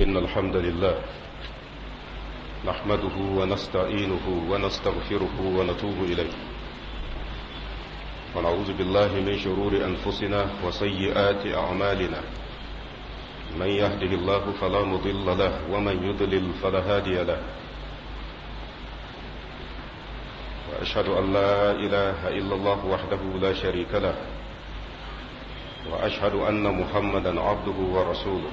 إن الحمد لله نحمده ونستعينه ونستغفره ونتوب إليه ونعوذ بالله من شرور أنفسنا وسيئات أعمالنا من يهده الله فلا مضل له ومن يضلل فلا هادي له وأشهد أن لا إله إلا الله وحده لا شريك له وأشهد أن محمدا عبده ورسوله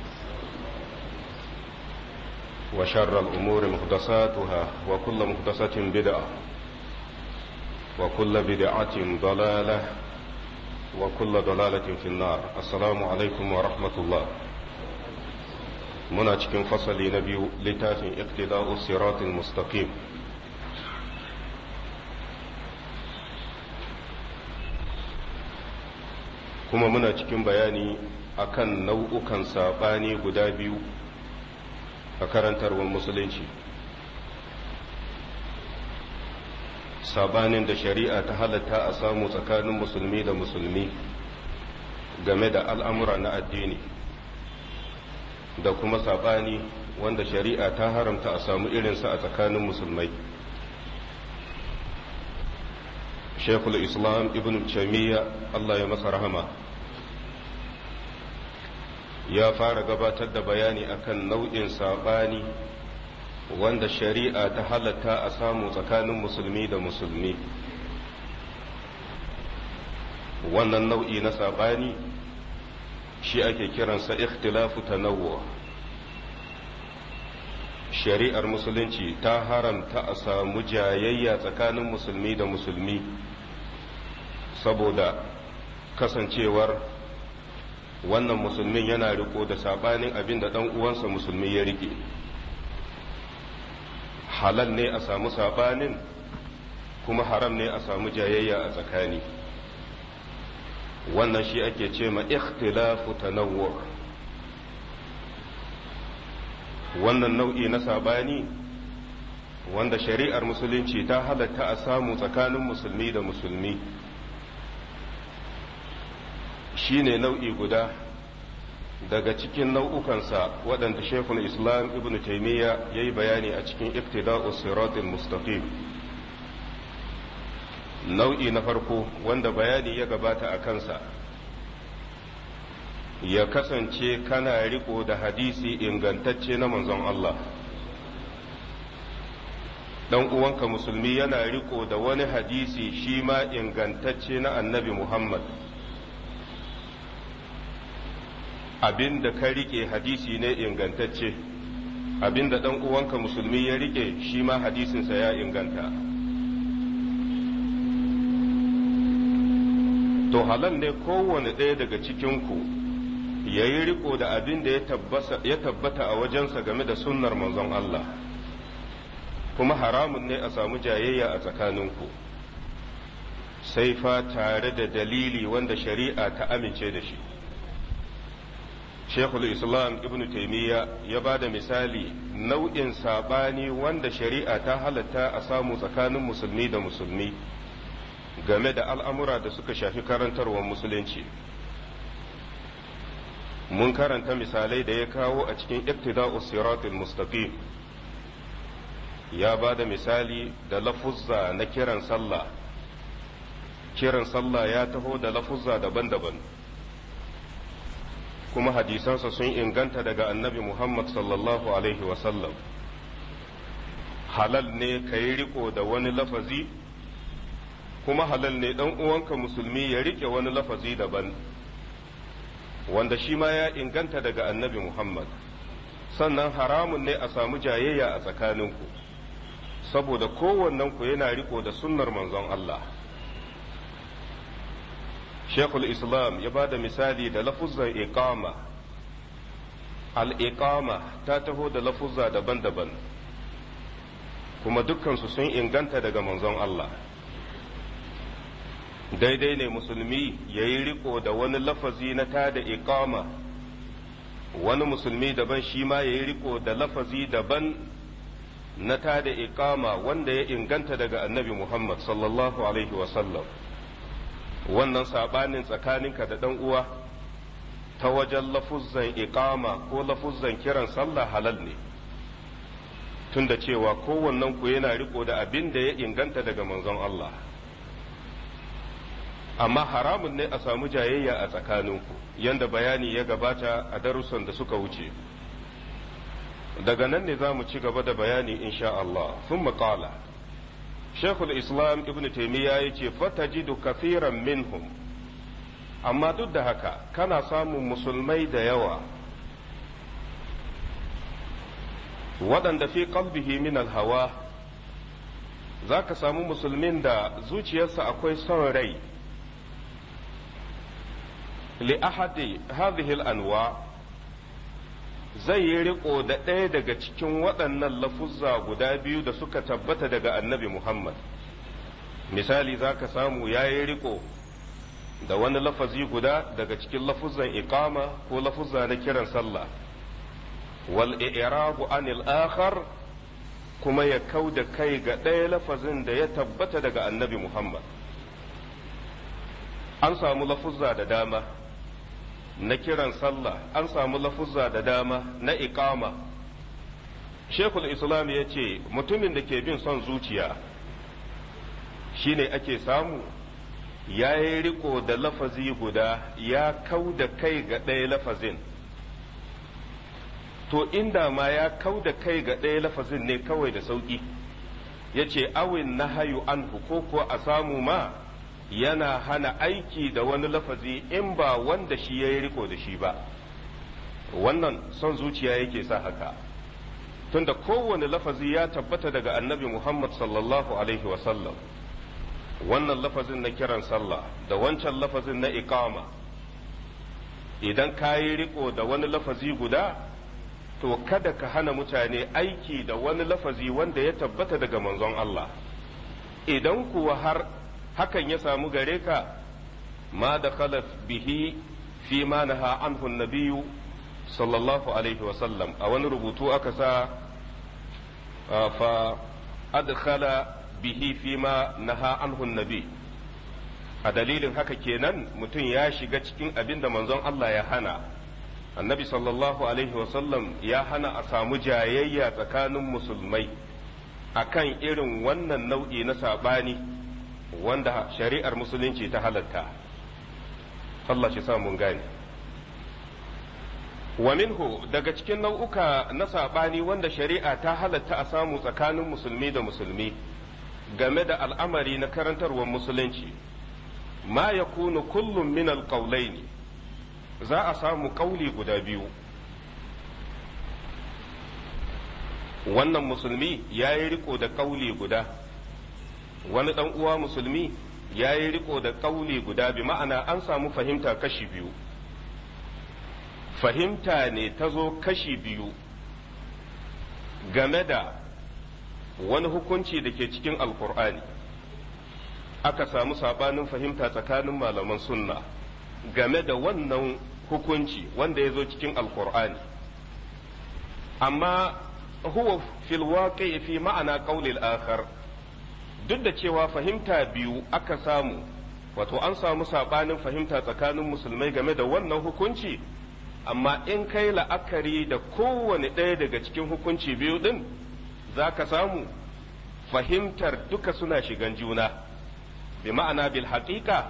وشر الأمور مهدساتها وكل مهدسة بدعة وكل بدعة ضلالة وكل ضلالة في النار السلام عليكم ورحمة الله مناتك فصل نبي لتاف اقتداء الصراط المستقيم كما مناتك بياني أكن نوء كان ساباني قدابيو a karantarwar musulunci sabanin da shari'a ta halatta a samu tsakanin musulmi da musulmi game da al'amura na addini da kuma sabani wanda shari'a ta haramta a samu irinsa a tsakanin musulmai shekul islam ibn Taymiyyah Allah ya masa rahama ya fara gabatar da bayani akan nau'in saɓani wanda shari'a ta halatta a samu tsakanin musulmi da musulmi wannan nau'i na saɓani shi ake kiransa ikhtilafu tanawwa shari'ar musulunci ta haramta a samu jayayya tsakanin musulmi da musulmi saboda kasancewar wannan musulmin yana riko da saɓanin abin da ɗan uwansa musulmi ya rike halal ne a samu sabanin kuma haram ne a samu jayayya a tsakani wannan shi ake ce ma ikhtilafu nawa. wannan nau'i na sabani wanda shari'ar musulunci ta halatta a samu tsakanin musulmi da musulmi Shi ne nau'i guda daga cikin nau'ukansa waɗanda shekun islam ibn taimiyya ya yi bayani a cikin iktida'u siratul mustaqim nau'i na farko wanda bayani ya gabata a kansa ya kasance kana riko da hadisi ingantacce na manzon Allah dan uwanka musulmi yana riko da wani hadisi shi ma ingantacce na annabi Muhammad abin da ka rike hadisi ne ingantacce abin da ɗan uwanka musulmi ya rike shi ma hadisinsa ya inganta to halal ne kowane ɗaya daga cikinku ya yi riko da abin da ya tabbata a wajensa game da sunnar manzon Allah kuma haramun ne a samu jayayya a tsakanin ku sai fa tare da dalili wanda shari'a ta amince da shi shekul islam ibn taimiyya ya ba da misali nau'in saɓani wanda shari'a ta halatta a samu tsakanin musulmi da musulmi game da al'amura da suka shafi karantarwar musulunci mun karanta misalai da ya kawo a cikin iktida'us siratul mustaqim ya ba da misali da lafuzza na kiran sallah kiran sallah ya taho da lafuzza daban-daban kuma hadisansa sun inganta daga annabi Muhammad sallallahu Alaihi wasallam. Halal ne ka yi riko da wani lafazi, kuma halal ne ɗan uwanka musulmi ya riƙe wani lafazi daban, wanda shi ma ya inganta daga annabi Muhammad. Sannan haramun ne a samu jayayya a tsakaninku, saboda kowannenku yana riko da sunnar manzon Allah. shekul islam ya ba da misali da lafuzan iqama al-iqama ta taho da lafuzza daban-daban kuma dukkansu sun inganta daga manzon Allah daidai ne musulmi ya yi riko da wani lafazi na ta da iqama wani musulmi daban shi ma ya yi riko da lafazi daban na ta da iqama wanda ya inganta daga annabi Muhammad sallallahu alaihi wasallam wannan sabanin tsakaninka da ɗan uwa ta wajen lafuzzan iqama ko lafuzzan kiran sallah halal ne tunda cewa kowannen ku yana riko da abin da ya inganta daga manzon Allah amma haramun ne a samu jayayya a tsakaninku yanda bayani ya gabata a darussan da suka wuce daga nan ne za mu ci gaba da bayani insha Allah sun maƙala shekul islam ibn taimiyya ya ce fatajidu kafiran minhum amma duk da haka kana samun musulmai da yawa waɗanda fi qalbihi min hawa za ka samu musulmin da zuciyarsa akwai son rai li ahadi hadhihi anwa zai yi riko da ɗaya daga cikin waɗannan lafuzza guda biyu da suka tabbata daga annabi Muhammad. Misali za ka samu ya yi riko da wani lafazi guda daga cikin lafuzan iqama ko lafuzza na kiran sallah. Wal i'rabu anil akhar kuma ya kau da kai ga ɗaya lafazin da ya tabbata daga annabi Muhammad. An samu lafuzza da dama. na kiran sallah an samu lafuzza da dama na iqama shekul islam ya ce mutumin da ke bin son zuciya shine ake samu ya yi riko da lafazi guda ya kau da kai ga ɗaya lafazin to inda ma ya kau da kai ga ɗaya lafazin ne kawai da sauƙi ya ce awin na hayu an ko ko a samu ma yana hana aiki da wani lafazi in ba wanda shi ya yi riko da shi ba wannan son zuciya yake sa haka tunda kowane lafazi ya tabbata daga annabi muhammad sallallahu alaihi wasallam wannan lafazin na kiran sallah da wancan lafazin na iqama idan ka yi riko da wani lafazi guda to kada ka hana mutane aiki da wani lafazi wanda ya tabbata daga manzon Allah idan kuwa har hakan ya samu gare ka ma da bihi fi ma naha anhu nabiyu sallallahu alaihi wa sallam. a wani rubutu aka sa fa adkhala bihi fi ma naha anhu nabi a dalilin haka kenan mutum ya shiga cikin abin da manzon Allah ya hana annabi sallallahu alaihi wa sallam ya hana a samu jayayya tsakanin musulmai akan irin wannan nau'i na saɓani wanda shari'ar musulunci ta halatta Allah shi sa mun gane wa minhu daga cikin nau'uka na saɓani wanda shari'a ta halatta a samu tsakanin musulmi da musulmi game da al'amari na karantarwar musulunci ma ya kunu kullum min ne. za a samu ƙauli guda biyu wannan musulmi ya yi riko da ƙauli guda wani dan uwa musulmi ya yi riko da ƙauli guda bi ma'ana an samu fahimta kashi biyu fahimta ne ta zo kashi biyu game da wani hukunci da ke cikin alkur'ani aka samu sabanin fahimta tsakanin malaman sunna game da wannan hukunci wanda ya zo cikin alkur'ani amma huwa fil fi ma'ana qawlil akhar duk da cewa fahimta biyu aka samu wato an samu sabanin fahimta tsakanin musulmai game da wannan hukunci amma in kai la'akari da kowane ɗaya daga cikin hukunci biyu ɗin za ka samu fahimtar duka suna shigan juna bi ma'ana bil haƙiƙa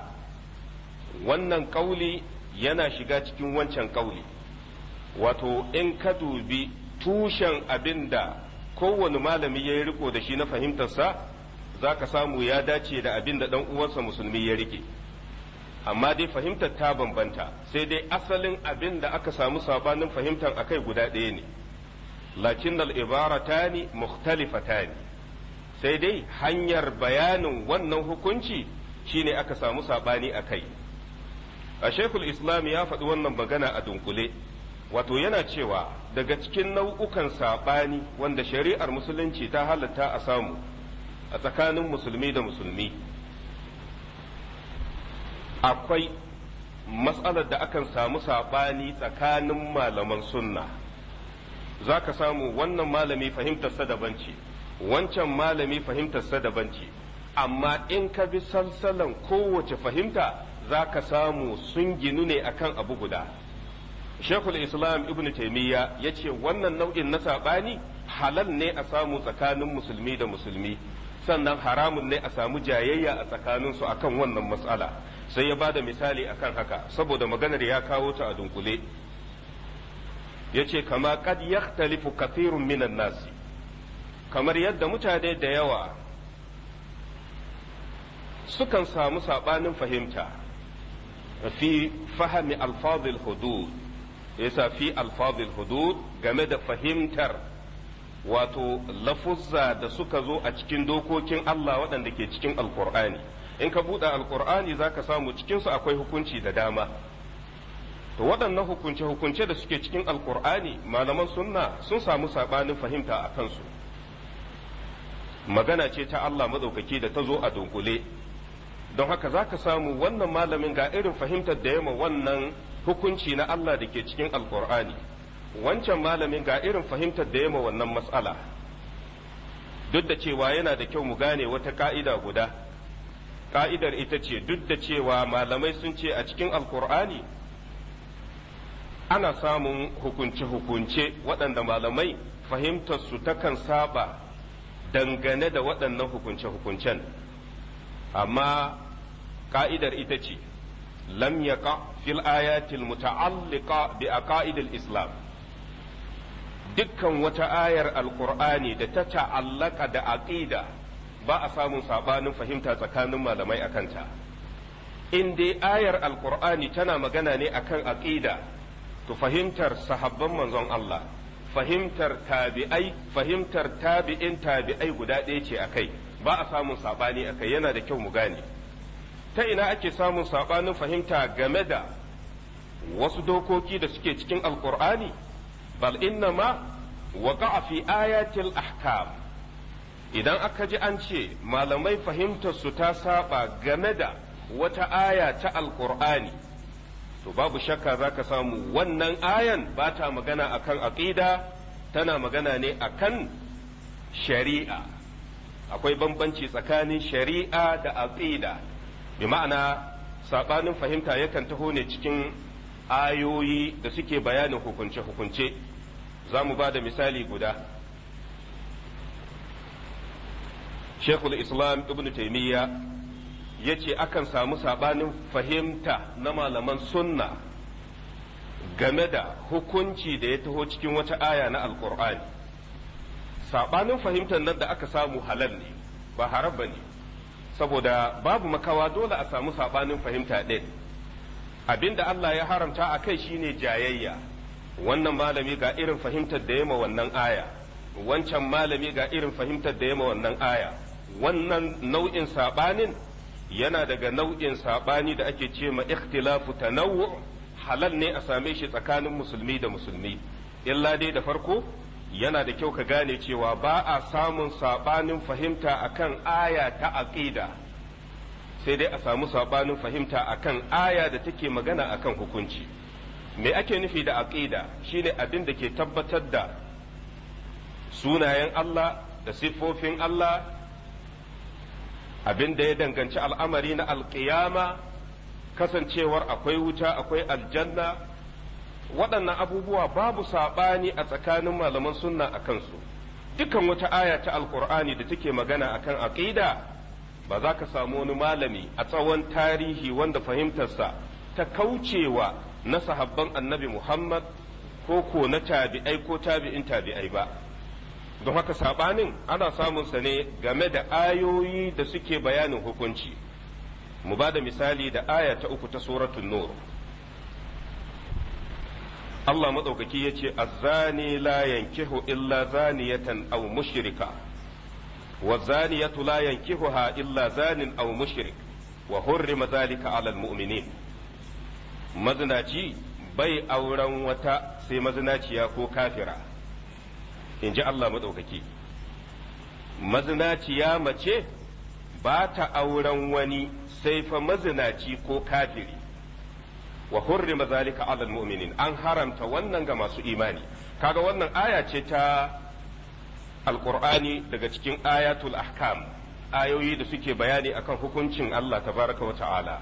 wannan ƙauli yana shiga cikin wancan ƙauli wato in ka dubi tushen abin da kowane malami ya yi riko da shi na fahimtarsa za ka samu ya dace da abin da ɗan uwansa musulmi ya rike amma dai fahimtar ta bambanta sai dai asalin abin da aka samu sabanin fahimtar akai guda ɗaya ne lakin al'ibaratani mukhtalifatani sai dai hanyar bayanin wannan hukunci shine aka samu sabani akai a shekul islam ya faɗi wannan magana a dunkule wato yana cewa daga cikin nau'ukan sabani wanda shari'ar musulunci ta halatta a samu a tsakanin musulmi da musulmi akwai matsalar da akan samu saɓani tsakanin malaman sunna za ka samu wannan malami fahimtarsa daban ce wancan malami fahimtarsa daban ce amma in ka bi salsalan kowace fahimta za ka samu sun ginu ne akan abu guda shekul islam ibn taimiyya ya ce wannan nau'in na saɓani halal ne a samu tsakanin musulmi da musulmi sannan haramun ne a samu jayayya a tsakaninsu akan wannan matsala sai ya bada misali akan haka saboda maganar ya kawo ta a dunkule yace kama kad yakhtalifu kathirun minan nasi kamar yadda mutane da yawa sukan samu saɓanin fahimta fi fahami alfazil hudud yasa fi alfadil hudud game da fahimtar wato lafuzza da suka zo a cikin dokokin Allah waɗanda ke cikin alkur'ani in ka buɗe alkur'ani za ka samu cikinsu akwai hukunci da dama to waɗannan hukunce-hukunce da suke cikin alkur'ani malaman sunna sun samu saɓanin fahimta a kansu magana ce ta Allah maɗaukaki da ta zo a dunkule don haka za ka samu wannan malamin ga irin fahimtar da yama wannan hukunci na Allah da ke cikin alkur'ani wancan malamin ga irin fahimtar da yama wannan matsala duk da cewa yana da kyau mu gane wata ka'ida guda ka'idar ita ce duk da cewa malamai sun ce a cikin alkur'ani ana samun hukunce-hukunce waɗanda malamai fahimtarsu takan saba dangane da waɗannan hukunce-hukuncen amma ka'idar ita ce lam yaqa fil ayatil muta'alliqa bi aqaidil islam dukkan wata ayar alkur'ani da ta ta'allaka da aqida ba a samun sabanin fahimta tsakanin malamai akanta in dai ayar alkur'ani tana magana ne akan aqida to fahimtar sahabban manzon Allah fahimtar tabi'ai fahimtar tabi'in tabi'ai guda ɗaya ce akai ba a samun sabani akai yana da kyau mu gane ta ina ake samun sabanin fahimta game da wasu dokoki da suke cikin alkur'ani bal innama waqa'a fi ayatil ahkam idan aka ji an ce malamai fahimtar su ta saba game da wata aya ta alqur'ani to babu shakka zaka samu wannan ayan ba ta magana akan aqida tana magana ne akan shari'a akwai bambanci tsakanin shari'a da aqida bi ma'ana sabanin fahimta yakan taho ne cikin ayoyi da suke bayanin hukunce-hukunce za mu ba da misali guda shekul islam ibn taimiyya ya ce akan samu sabanin fahimta na malaman sunna game da hukunci da ya taho cikin wata aya na alkur'ani sabanin fahimtar nan da aka samu halal ne ba haram ba ne saboda babu makawa dole a samu sabanin fahimta ɗin abinda Allah ya haramta a kai shine jayayya wannan malami ga irin fahimtar da ma wannan aya wancan malami ga irin fahimtar da ma wannan aya wannan nau'in sabanin yana daga nau'in sabani da ake ce ma ikhtilafu tanawwu halal ne a same shi tsakanin musulmi da musulmi illa dai da farko yana da kyau ka gane cewa ba a samun sabanin fahimta akan aya ta aqida sai dai a samu sabanin fahimta akan aya da take magana akan hukunci me ake nufi da aqida shine abin da ke tabbatar da sunayen Allah da siffofin Allah abin da ya danganci al'amari na alƙiyama kasancewar akwai wuta akwai aljanna waɗannan abubuwa babu saɓani a tsakanin malaman sunna a kansu dukan wata aya ta alƙur'ani da take magana akan aƙida ba za ka samu wani malami a tsawon tarihi wanda fahimtarsa ta kaucewa na sahabban annabi Muhammad ko ko na tabi'ai ko tabi'in tabi'ai ba don haka sabanin ana samun sa ne game da ayoyi da suke bayanin hukunci mu ba da misali da aya ta uku ta suratul nur Allah maɗaukaki ya ce azzani la yankihu illa zaniyatan aw mushrika wa zaniyatu la ha illa zanin aw mushrik wa hurri mazalika alal mu'minin mazinaci bai auren wata sai mazinaciya ko kafira in ji Allah maɗaukaki mazinaciya mace ba ta auren wani sai fa mazinaci ko kafiri wa hurri mazalika ala mu'minin an haramta wannan ga masu imani kaga wannan aya ce ta alqur'ani daga cikin ayatul ahkam ayoyi da suke bayani akan hukuncin Allah tabaraka wa ta'ala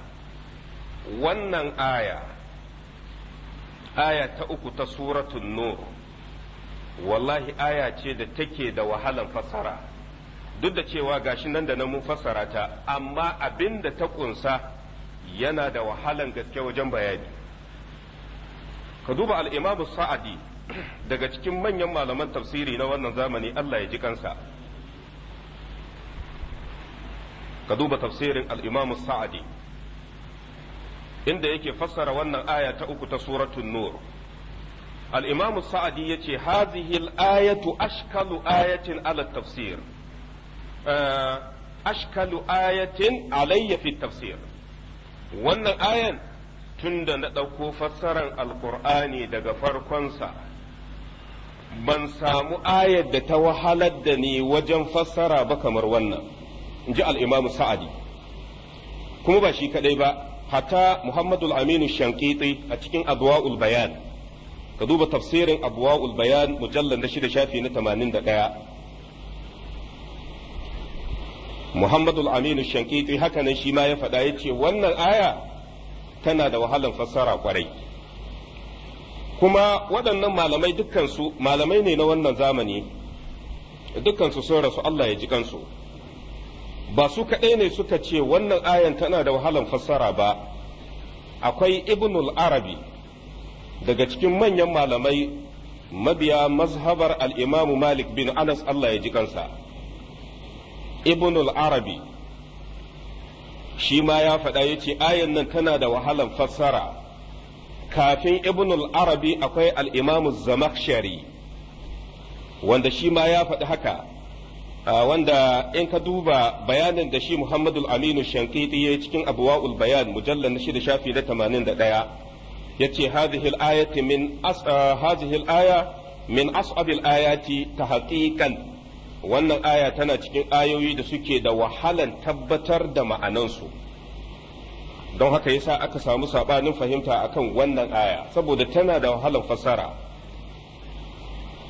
wannan aya aya ta uku ta suratul nur wallahi aya ce da take da wahalan fasara, duk da cewa gashi nan da na mun fasara ta amma abin da ta kunsa yana da wahalan gaske wajen bayani ka duba al'imamu sa'adi daga cikin manyan malaman tafsiri na wannan zamani Allah ya ji kansa ka duba tafsirin al'imamu sa'adi inda yake fassara wannan aya ta uku ta suratul nur al-imam sa'adi yace hadhihi al-ayatu ashkalu ayatin tafsir eh, ashkalu ayatin alayya tafsir wannan ayan tunda na ɗauko fassarar alkur'ani daga farkonsa ban samu ayar da ta wahalar da ni wajen fassara ba kamar wannan in ji al'imamu sa'adi kuma ba shi kaɗai ba hatta Muhammadu aminu shankiti a cikin adwa'ul bayan ka duba tafsirin adwa'ul bayan mujallar da shida shafi na tamanin da ɗaya aminu shankiti hakanan shi ma ya faɗa ya ce wannan aya tana da wahalan fassara kwarai kuma waɗannan malamai dukansu malamai ne na wannan zamani dukkansu sun rasu Allah ya ji kansu ba su kaɗai ne suka ce wannan ayan tana da wahalan fassara ba akwai ibnul arabi daga cikin manyan malamai mabiya mazhabar al'imamu malik bin anas Allah ya ji kansa ibnul arabi shi ma ya faɗa ya ce ayan nan tana da wahalan fassara kafin ibnul arabi akwai al'imamu zamakshari wanda shi ma ya faɗi haka Ah, wanda in ka duba bayanin da shi Muhammadu Aminu Shankiti ya yi cikin abuwa'ul bayan mujallar na shida shafi na tamanin da ɗaya ya ce hazihil ayati min as ah, hazihil aya min as'abil ayati ta haƙiƙan wannan aya tana cikin ayoyi da suke da wahalan tabbatar da ma'anansu don haka yasa aka samu saɓanin fahimta akan wannan aya saboda tana da wahalan fassara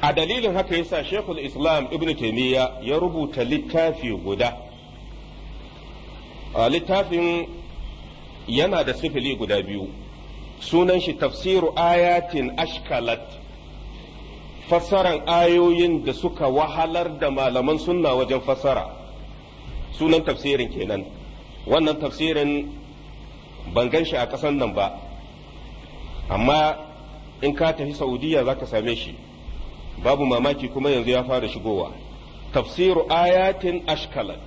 a dalilin haka yasa shekul islam ibn taimiyya ya rubuta littafi guda littafin yana da sifili guda biyu sunan shi tafsiru ayatin ashkalat fassaran ayoyin da suka wahalar da malaman sunna wajen fassara sunan tafsirin kenan wannan tafsirin ban gan shi a ƙasan nan ba amma in ka tafi saudiya za ka same shi babu mamaki kuma yanzu ya fara shigowa tafsiru ayatin ashkalat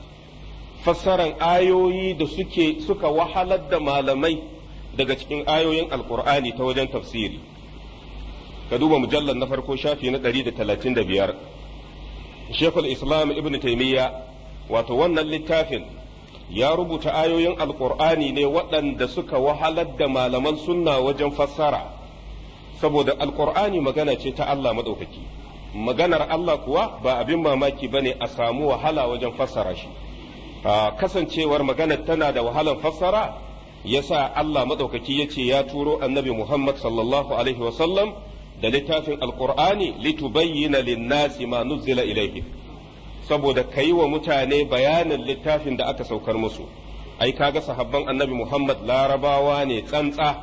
fassaran ayoyi da suke suka wahalar da malamai daga cikin ayoyin alkur'ani ta wajen tafsiri ka duba mujallar na farko shafi na 135 shekul islam ibn taimiyya wato wannan littafin ya rubuta ayoyin alkur'ani ne waɗanda suka wahalar da malaman sunna wajen fassara saboda alkur'ani magana ce ta allah maɗaukaki maganar Allah kuwa ba abin mamaki ba ne a samu wahala wajen fassara shi kasancewar maganar tana da wahalan fassara yasa Allah madaukaki ce ya turo annabi Muhammad sallallahu alaihi wasallam da littafin alqur'ani litubayyana lin-nasi ma nuzila ilayhi saboda yi wa mutane bayanin littafin da aka saukar musu ai kaga sahabban annabi Muhammad larabawa ne tsantsa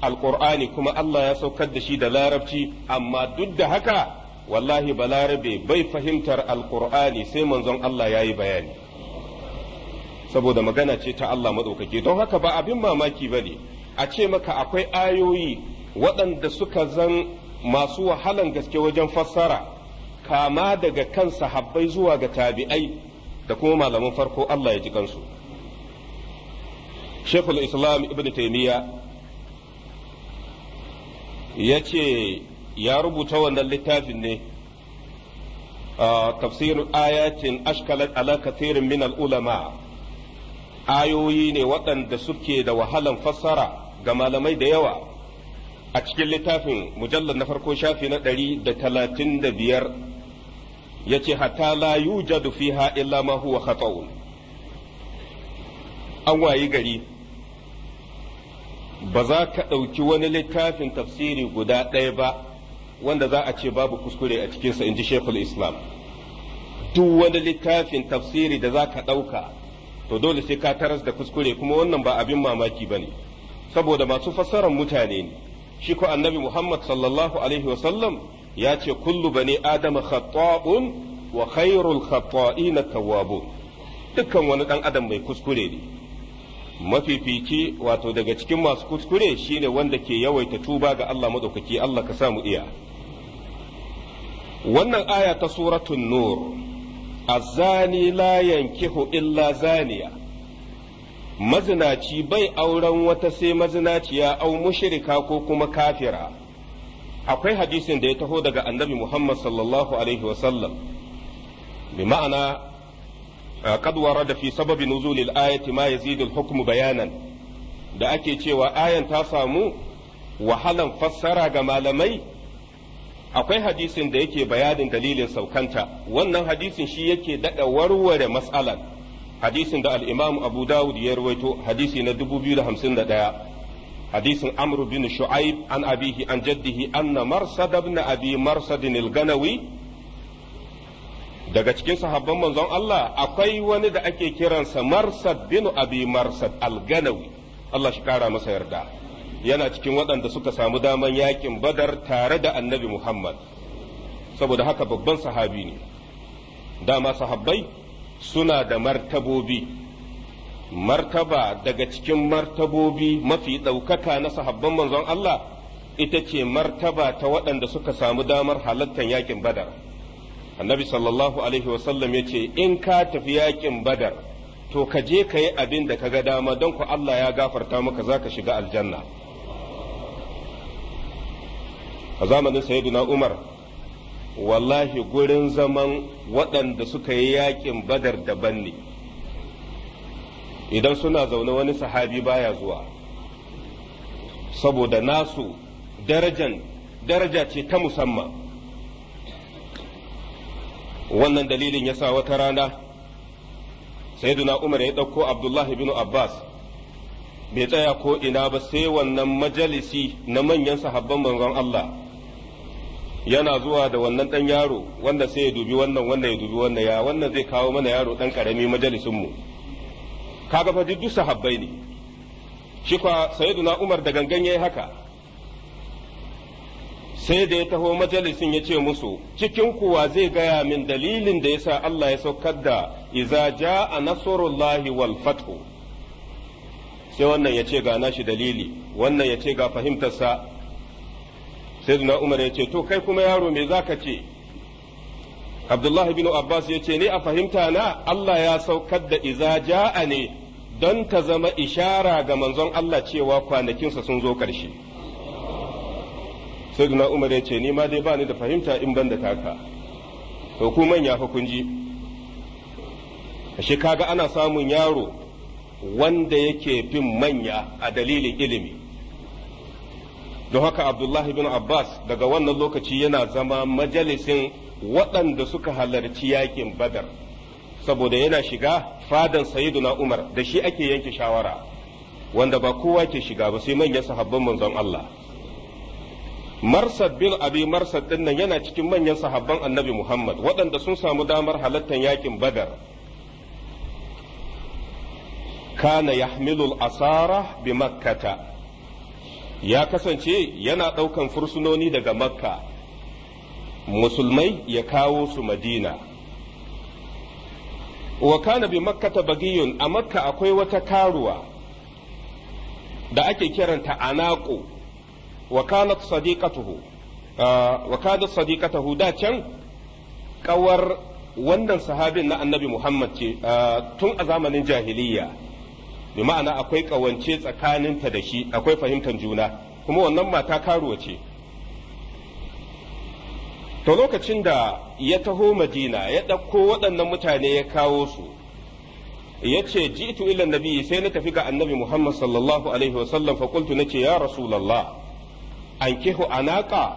alƙur'ani kuma Allah ya saukar da shi da larabci amma duk da haka wallahi balarabe bai fahimtar alkur'ani sai manzon Allah ya yi bayani saboda magana ce ta Allah maɗaukaki don haka ba abin mamaki ba ne a ce maka akwai ayoyi waɗanda suka zan masu wahalan gaske wajen fassara kama daga kan sahabbai zuwa ga tabi'ai da kuma malaman farko Allah ya ji kansu Sheikhul Islam Ibn Taymiyyah ya ce ya rubuta wannan littafin ne tafsirin ayatin ashkalat ala kathirin min ulama ayoyi ne waɗanda suke da wahalan fassara ga malamai da yawa a cikin littafin mujallar na farko shafi na ɗari da talatin da biyar ya ce hatta la yujadu fiha illa ma huwa khata'un an wayi gari ba za ka ɗauki wani littafin tafsiri guda ɗaya ba wanda za a ce babu kuskure a cikinsa in ji shekul islam duk wani littafin tafsiri da za ka ɗauka to dole sai ka taras da kuskure kuma wannan ba abin mamaki ba ne saboda masu fassarar mutane ne shi ko annabi muhammad sallallahu alaihi wasallam ya ce kullu bani adama khata'un wa khairul khata'ina tawwabun dukkan wani dan adam mai kuskure ne mafifici wato daga cikin masu kuskure shine wanda ke yawaita tuba ga Allah madaukaki Allah ka samu iya wannan aya ta suratun nur azani la yankihu illa zaniya mazinaci bai auren wata sai mazinaciya au mushrika ko kuma kafira akwai hadisin da ya taho daga annabi Muhammad sallallahu alaihi wa sallam, bi ma'ana qad warada fi sababi nuzul al-ayati ma yazidu al bayanan da ake cewa ayan ta samu wahalan fassara ga malamai akwai hadisin da yake bayanin dalilin saukanta wannan hadisin shi yake daɗa warware matsalar hadisin da al'imam abu dawud ya rawaito hadisi na 2051 hadisin amru bin shu'aib an abihi an jaddihi anna marsad ibn abi marsadin al-ganawi daga cikin sahabban manzon Allah akwai wani da ake kiransa Marsad bin Abi Marsad Al-Ganawi Allah shi kara masa yarda yana cikin waɗanda suka samu daman yakin Badar tare da Annabi Muhammad saboda haka babban sahabi ne dama sahabbai suna da martabobi martaba daga cikin martabobi mafi ɗaukaka na sahabban manzon Allah ita ce martaba ta waɗanda suka samu damar halattar yakin Badar annabi sallallahu alaihi wasallam ya ce in ka tafi yakin badar to ka je ka yi abin da ka ga dama don ku Allah ya gafarta maka za ka shiga aljanna a zamanin sayyiduna umar wallahi gurin zaman waɗanda suka yi yakin badar daban ne idan suna zaune wani sahabi baya zuwa saboda nasu darajan daraja ce ta musamman wannan dalilin ya sa wata rana sayyiduna umar ya ɗauko abdullahi bin abbas bai tsaya ko ina ba sai wannan majalisi na manyan sahabban manzon Allah yana zuwa da wannan ɗan yaro wanda sai ya dubi wannan wanda ya dubi wannan ya wannan zai kawo mana yaro ɗan ƙarami majalisinmu kaga fa duk sahabbai ne shi kwa sayyiduna umar da gangan yayi haka sai da ya taho majalisin ya ce musu cikin kuwa zai gaya min dalilin da yasa Allah ya saukar da iza a nasrullahi wal fathu sai wannan ya ce ga nashi dalili wannan ya ce ga fahimtarsa sai na umar ya ce to kai kuma yaro me zaka ce abdullahi bin abbas ya ce ni a fahimta na Allah ya saukar da iza a ne don ta zama ishara ga manzon Allah cewa kwanakinsa sun zo ƙarshe. na umar ya ce ni ma dai bani da fahimta in ban da taka to ku manya fa kun ji ashe kaga ana samun yaro wanda yake bin manya a dalilin ilimi don haka abdullahi bin abbas daga wannan lokaci yana zama majalisin waɗanda suka halarci yakin badar saboda yana shiga fadan sayiduna umar da shi ake yanke shawara wanda ba kowa ke shiga ba sai manyan sahabban manzon allah marsad bin abi marsad din nan yana cikin manyan sahabban annabi muhammad waɗanda sun samu damar halattar yakin badar kana yahmilul asara bi makkata ya kasance yana ɗaukan fursunoni daga makka musulmai ya kawo su madina wa kana bi makkata bagiyun a makka akwai wata karuwa da ake kiranta anaƙo wa kanat sadiqatuhu wa kanat sadiqatuhu da can kawar wannan sahabin na annabi Muhammad ce tun a zamanin jahiliya bi ma'ana akwai ƙawance tsakaninta da shi akwai fahimtar juna kuma wannan mata karuwa ce to lokacin da ya taho madina ya ɗauko waɗannan mutane ya kawo su ya ce jitu ila nabi sai na tafi ga annabi muhammad sallallahu alaihi wasallam fa na ce ya rasulallah an kihu anaka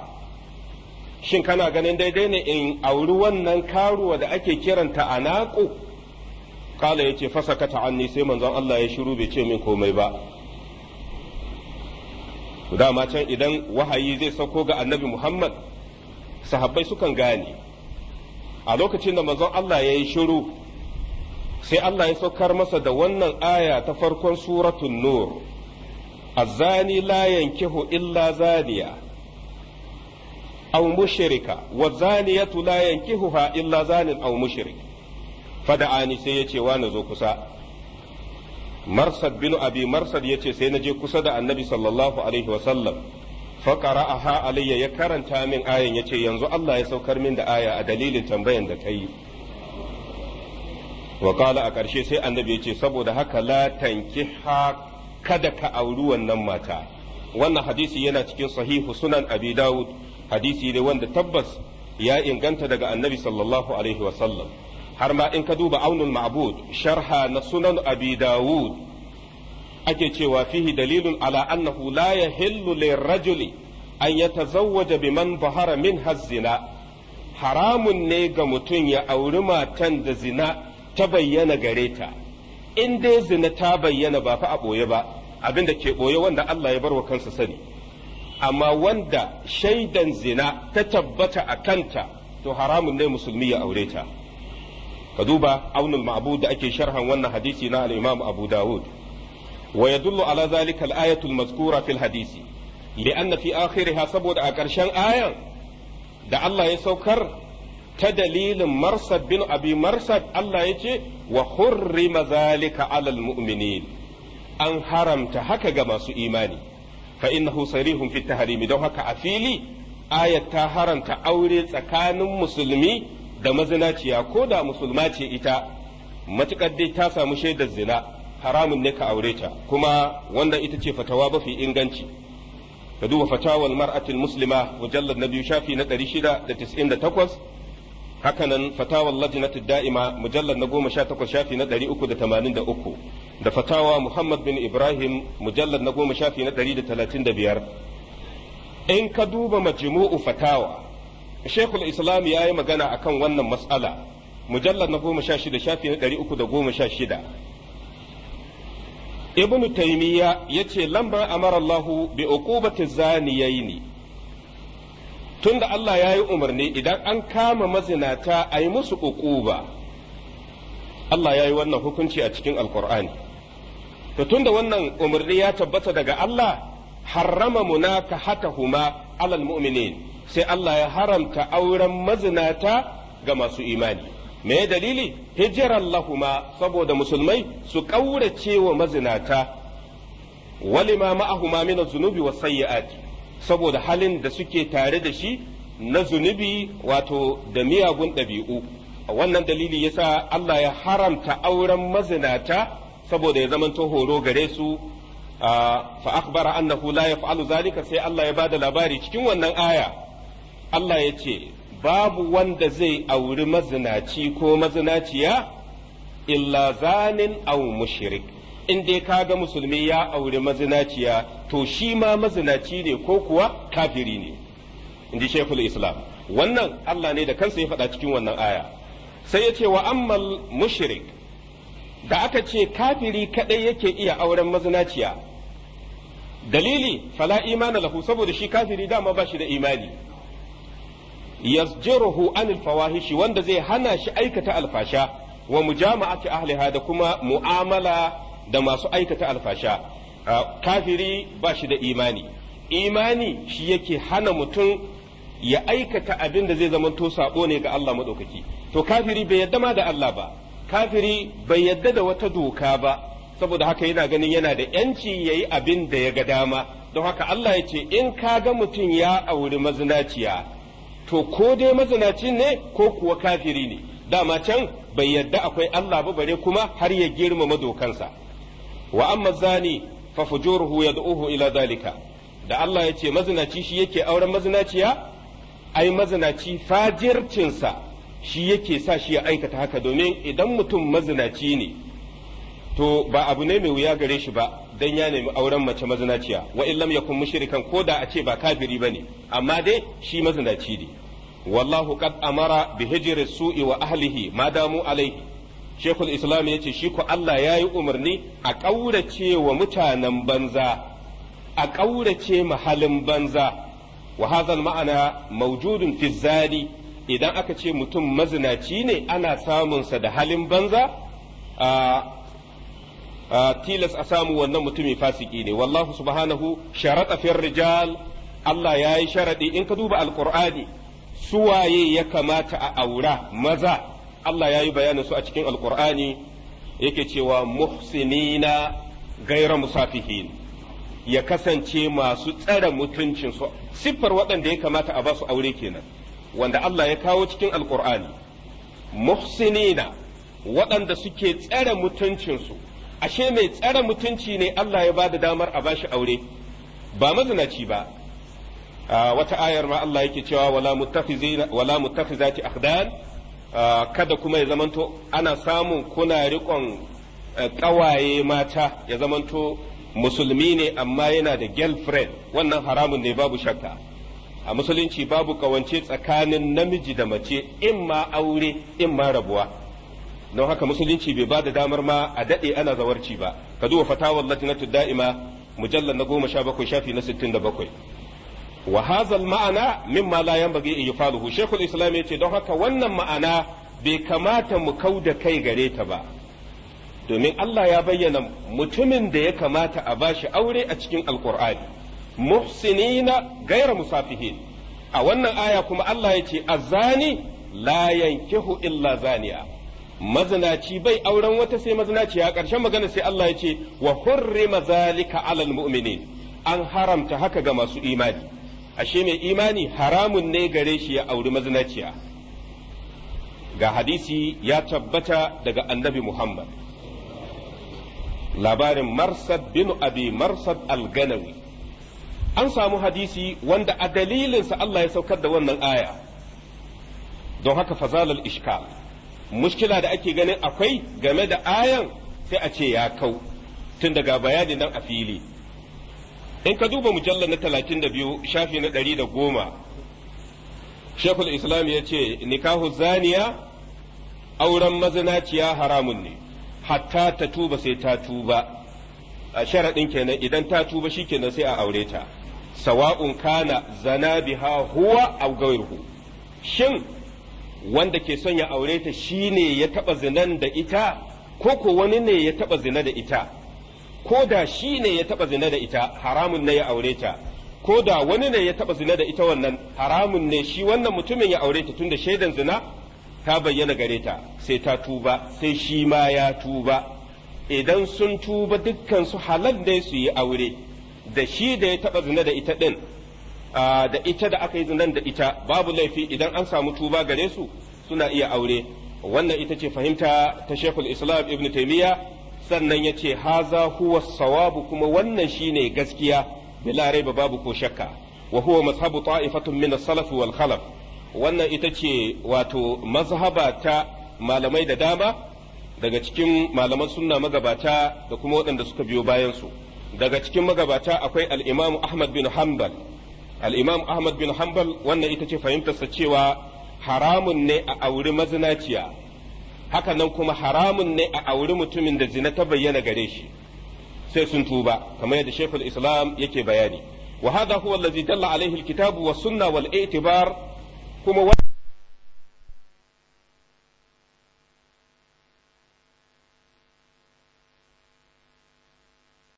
shin kana ganin daidai ne in auri wannan karuwa da ake kiranta anaku kala yace kata ta'anni sai manzon Allah ya shiru bai ce min komai ba dama can idan wahayi zai sauko ga annabi Muhammad sahabbai sukan gane a lokacin da manzon Allah ya yi shiru sai Allah ya saukar masa da wannan aya ta farkon suratun nur الزاني لا ينكه إلا زانية أو مشركة والزانية لا ينكهها إلا زان أو مشرك فدعاني سيتي وانا زو كسا مرصد بن أبي مرصد يتي سينجي كسد النبي صلى الله عليه وسلم فقرأها علي يكرن تامن آية يتي ينزو الله يسوكر من دا آية دليل تنبين دا كيف وقال أكرشي سي النبي يتي سبو دا هكا لا تنكحك kada ka auri wannan mata wannan hadisi yana cikin sahihu sunan abi dawud hadisi ne wanda tabbas ya inganta daga annabi sallallahu alaihi wasallam har ma in ka duba aunul ma'bud sharha na sunan abi dawud ake cewa fihi dalilun ala annahu la yahillu lirajuli an yatazawwaja biman bahara min hazzina haramun ne ga mutum ya auri matan da zina ta bayyana gare ta in dai zina ta bayyana ba fa a ɓoye ba abin da ke ɓoye wanda Allah ya bar wa kansa sani amma wanda shaidan zina ta tabbata a kanta to haramun ne musulmi ya aure ta ka duba aunul ma'bud da ake sharhan wannan hadisi na al-Imam Abu Dawud wa yadullu ala zalika al-ayatu al-mazkura fil hadisi li'anna fi akhiriha saboda a ƙarshen ayan da Allah ya saukar ta dalilin marsad bin abi marsad Allah ya ce wa hurrima zalika alal mu'minin an haramta haka ga masu imani fa innahu sarihun fi tahrimi don haka a fili ayat ta haramta aure tsakanin musulmi da mazinaciya ko da musulma ce ita matukar dai ta samu shaidar zina haramun ne ka aure ta kuma wanda ita ce fatawa mafi inganci ka duba fatawal mar'atul muslima mujallad na biyu shafi na 698 hakanan fatawar lajinatu da'ima mujallar na goma sha takwas shafi na ɗari uku da tamanin da uku da fatawa muhammad bin ibrahim mujallar na goma shafi na ɗari da talatin da biyar in ka duba majmu'u fatawa shekul islam ya yi magana akan wannan matsala mujallar na goma sha shida shafi na ɗari uku da goma sha shida ibnu taymiya ya ce lamma amara allahu bi uqubati zaniyaini tunda Allah ya yi umarni idan an kama mazinata a yi musu uquba Allah ya yi wannan hukunci a cikin alkur'ani to tunda wannan umarni ya tabbata daga Allah harrama munaka huma alal mu'minin sai Allah ya haramta auren mazinata ga masu imani me dalili hijira lahuma saboda musulmai su kaurace wa mazinata walima ma'ahuma min az-zunubi was-sayyi'ati saboda halin da suke tare da shi na zunubi wato da miyagun ɗabi'u a wannan dalili yasa Allah ya haramta auren mazinata saboda ya zamanto horo gare su fa akhbara annahu la yaf'alu zalika sai Allah ya ba da labari cikin wannan aya Allah ya ce babu wanda zai auri mazinaci ko mazinaciya illa zanin au mushrik in dai ka ga musulmi ya aure mazinaciya to shi ma mazinaci ne ko kuwa kafiri ne in ji shekul islam wannan Allah ne da kansa ya faɗa cikin wannan aya sai ya ce wa ammal mushrik da aka ce kafiri kaɗai yake iya auren mazinaciya dalili fala imana lahu saboda shi kafiri dama ba shi da imani yasjiruhu anil fawahishi wanda zai hana shi aikata alfasha wa mujama'ati ahliha da kuma mu'amala da masu aikata alfasha kafiri ba shi da imani imani shi yake hana mutum ya aikata abin da zai zamanto sabo ne ga Allah maɗaukaki to kafiri bai yadda ma da Allah ba kafiri bai yadda da wata doka ba saboda haka yana ganin yana da yanci ya yi abin da ya ga dama don haka Allah ya ce in ka ga mutum ya auri mazinaciya to ko dai mazinaci ne ko kuwa kafiri ne dama can bai yadda akwai Allah ba bare kuma har ya girmama dokansa wa amma zani fa fujuruhu yad'uhu ila zalika da Allah ya ce mazinaci shi yake auren mazinaciya ai mazinaci fajircinsa shi yake sa shi ya aikata haka domin idan mutum mazinaci ne to ba abu ne mai wuya gare shi ba dan ya nemi auren mace mazinaciya wa in lam yakun mushrikan koda a ce ba kafiri bane amma dai shi mazinaci ne wallahu qad amara bi hijri su'i wa ahlihi ma damu alaihi shekul islam ya ce shi ko Allah ya yi umarni a ƙaurace wa mutanen banza a ƙaurace mahalin banza wa hazal ma'ana maujudun fizzari idan aka ce mutum mazinaci ne ana samunsa da halin banza a tilas a samu wannan mutumin fasiki ne wallahu subhanahu sharaɗa fiyar rijal Allah ya yi sharaɗi in ka duba alƙur'ani suwaye ya kamata a aura maza Allah ya yi bayanin su a cikin alkur'ani yake cewa muhsinina gaira musafihin ya kasance masu tsare mutuncinsu siffar waɗanda ya kamata a basu aure kenan wanda Allah ya kawo cikin alkur'ani muhsinina waɗanda suke tsare mutuncinsu ashe mai tsare mutunci ne Allah ya ba da damar a bashi aure ba mazinaci ba wata ayar ma Allah yake cewa wala mutafizati akhdan Ah, kada kuma ya zamanto ana samun kuna riƙon eh, ƙawaye mata ya zamanto musulmi ne amma yana da girlfriend wannan haramun ne babu shakka a musulunci babu kawance tsakanin namiji da mace in ma aure in ma rabuwa don haka musulunci bai ba da damar ma a daɗe ana zawarci ba ka duba fatawar latinatu da'ima mujallar na goma sha bakwai shafi na sittin da bakwai wa hazal ma'ana mimma la yanbaghi in yufaluhu shaykhul islam yace don haka wannan ma'ana bai kamata mu kauda kai gare ta ba domin Allah ya bayyana mutumin da ya kamata a bashi aure a cikin alkur'ani muhsinina gaira musafihin a wannan aya kuma Allah ya ce azani la yankihu illa zaniya mazinaci bai auren wata sai mazinaci a ƙarshen magana sai Allah ya ce wa hurrima zalika alal mu'minin an haramta haka ga masu imani ashe mai imani haramun ne gare shi ya auri mazinaciya ga hadisi ya tabbata daga annabi Muhammad labarin marsad bin abi marsad alganawi an samu hadisi wanda a dalilinsa Allah ya saukar da wannan aya don haka fazalar ishkal mushkila da ake ganin akwai game da ayan sai a ce ya kau tun daga bayani nan a fili in ka duba mujallar na talatin da shafi na ɗari da goma shekul islam ya ce nikahu zaniya auren mazinaciya haramun ne hatta ta tuba sai ta tuba a sharaɗin kenan idan ta tuba shi kenan sai a aure ta sawa'un kana zana biha huwa aw ghayruhu shin wanda ke son ya aure ta shine ya taba zinan da ita ko ko wani ne ya taɓa zina da ita ko da shi ne ya taba zina da ita haramun ne ya aure ta ko da wani ne ya taba zina da ita wannan haramun ne shi wannan mutumin ya aure ta tunda shaidan zina ta bayyana gare ta sai ta tuba sai shi ma ya tuba idan sun tuba dukkan su halal ne su yi aure da shi da ya taba zina da ita din da ita da aka yi zinan da ita babu laifi idan an samu tuba gare su suna iya aure wannan ita ce fahimta ta Sheikhul Islam Ibn Taymiyyah sannan ya ce haza huwa sawabu kuma wannan shine gaskiya da larai ba babu ko shakka wa huwa mazhabu ta'ifatun min as-salaf wal khalaf wannan ita ce wato mazhaba ta malamai da dama daga cikin malaman sunna magabata da kuma waɗanda suka biyo bayan su daga cikin magabata akwai al-imam Ahmad bin Hanbal al Ahmad bin Hanbal wannan ita ce fahimtarsa cewa haramun ne a auri mazinaciya haka nan kuma haramun ne a auri mutumin da zina ta bayyana gare shi sai sun tuba kamar yadda shekul islam yake bayani wa hadha huwa allazi dalla alaihi alkitabu was sunna wal i'tibar kuma